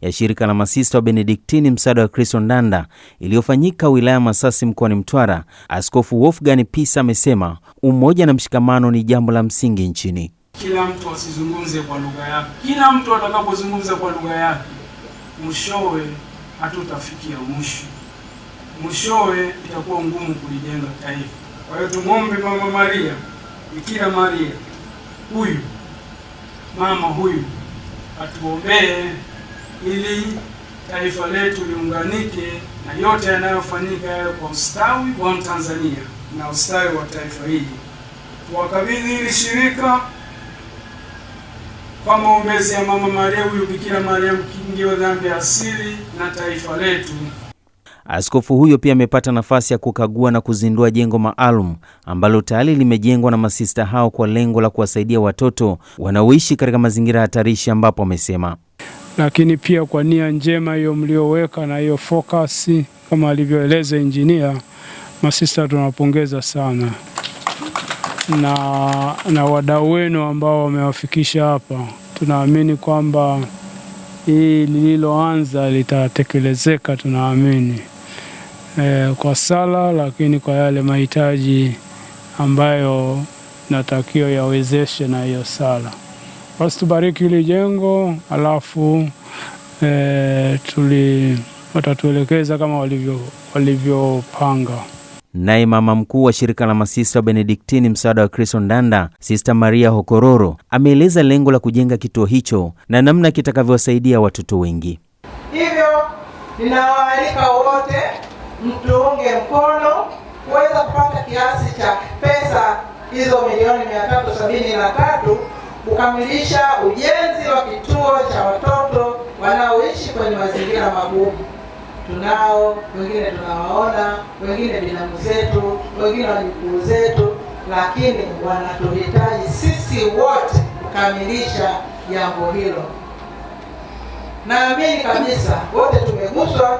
ya shirika la masista wa Benediktini msaada wa Kristo Ndanda iliyofanyika wilaya Masasi mkoani Mtwara, Askofu Wolfgang Pisa amesema umoja na mshikamano ni jambo la msingi nchini. Kila mtu asizungumze kwa lugha yake. Kila mtu atakapozungumza kwa lugha yake, mwishowe hatutafikia mwisho, mwishowe itakuwa ngumu kulijenga taifa. Kwa hiyo tumwombe Mama Maria, Bikira Maria, huyu mama huyu atuombee ili taifa letu liunganike na yote yanayofanyika yayo kwa ustawi wa Mtanzania na ustawi wa taifa hili. wakabidhi hili shirika kwa maombezi ya Mama Maria huyu Bikira Maria mkingi wa dhambi asili na taifa letu. Askofu huyo pia amepata nafasi ya kukagua na kuzindua jengo maalum ambalo tayari limejengwa na masista hao kwa lengo la kuwasaidia watoto wanaoishi katika mazingira hatarishi, ambapo amesema lakini pia kwa nia njema hiyo mlioweka na hiyo focus kama alivyoeleza injinia masista, tunawapongeza sana na, na wadau wenu ambao wamewafikisha hapa. Tunaamini kwamba hii lililoanza litatekelezeka, tunaamini e, kwa sala, lakini kwa yale mahitaji ambayo natakiwa yawezeshe na hiyo sala basi tubariki hili jengo, alafu e, tuli watatuelekeza kama walivyopanga Naye mama mkuu wa shirika la masista Benediktini msaada wa Kristo Ndanda, Sista Maria Hokororo, ameeleza lengo la kujenga kituo hicho na namna kitakavyowasaidia watoto wengi. Hivyo ninawaalika wote mtuunge mkono kuweza kupata kiasi cha pesa hizo milioni 373 kukamilisha ujenzi wa kituo cha watoto wanaoishi kwenye mazingira magumu. Tunao wengine tunawaona, wengine binamu zetu, wengine wajukuu zetu, lakini wanatuhitaji sisi wote kukamilisha jambo hilo. Naamini kabisa wote tumeguswa,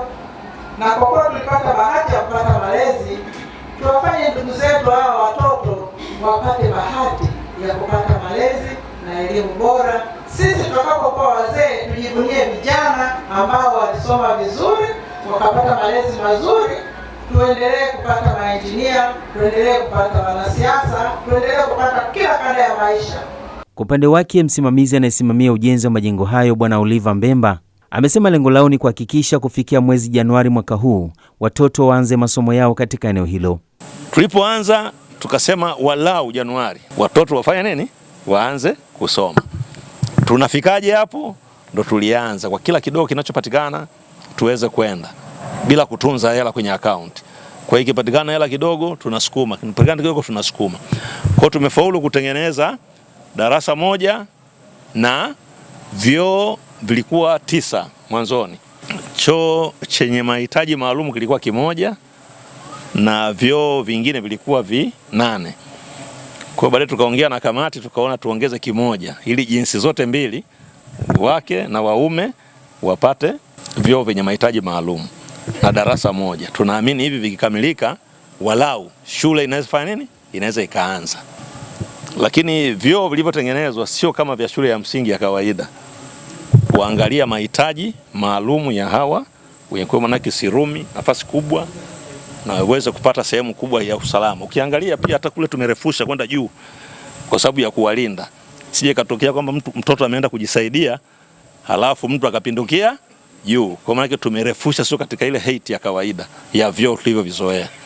na kwa kuwa tulipata bahati ya kupata malezi, tuwafanye ndugu zetu hawa watoto wapate bahati ya kupata malezi elimu bora. Sisi tutakapokuwa wazee, tujivunie vijana ambao walisoma vizuri wakapata malezi mazuri. Tuendelee kupata maenjinia, tuendelee kupata wanasiasa, tuendelee kupata kila kanda ya maisha. Kwa upande wake, msimamizi anayesimamia ujenzi wa majengo hayo Bwana Oliva Mbemba amesema lengo lao ni kuhakikisha kufikia mwezi Januari mwaka huu watoto waanze masomo yao katika eneo hilo. Tulipoanza tukasema walau Januari watoto wafanya nini, waanze kusoma. Tunafikaje hapo? Ndo tulianza kwa kila kidogo kinachopatikana tuweze kwenda bila kutunza hela kwenye akaunti. Kwa hiyo ikipatikana hela kidogo tunasukuma, kipatikana kidogo tunasukuma. Kwa hiyo tumefaulu kutengeneza darasa moja na vyoo vilikuwa tisa mwanzoni. Choo chenye mahitaji maalum kilikuwa kimoja na vyoo vingine vilikuwa vinane. Kwa baadaye tukaongea na kamati tukaona tuongeze kimoja ili jinsi zote mbili wake na waume wapate vyoo vyenye mahitaji maalum na darasa moja. Tunaamini hivi vikikamilika, walau shule inaweza fanya nini, inaweza ikaanza. Lakini vyoo vilivyotengenezwa sio kama vya shule ya msingi ya kawaida, kuangalia mahitaji maalumu ya hawa wenye, kwa maana sirumi nafasi kubwa na uweze kupata sehemu kubwa ya usalama. Ukiangalia pia hata kule tumerefusha kwenda juu kwa sababu ya kuwalinda, sije katokea kwamba mtu, mtoto ameenda kujisaidia halafu mtu akapindukia juu. Kwa maana tumerefusha, sio katika ile height ya kawaida ya vyoo tulivyovizoea.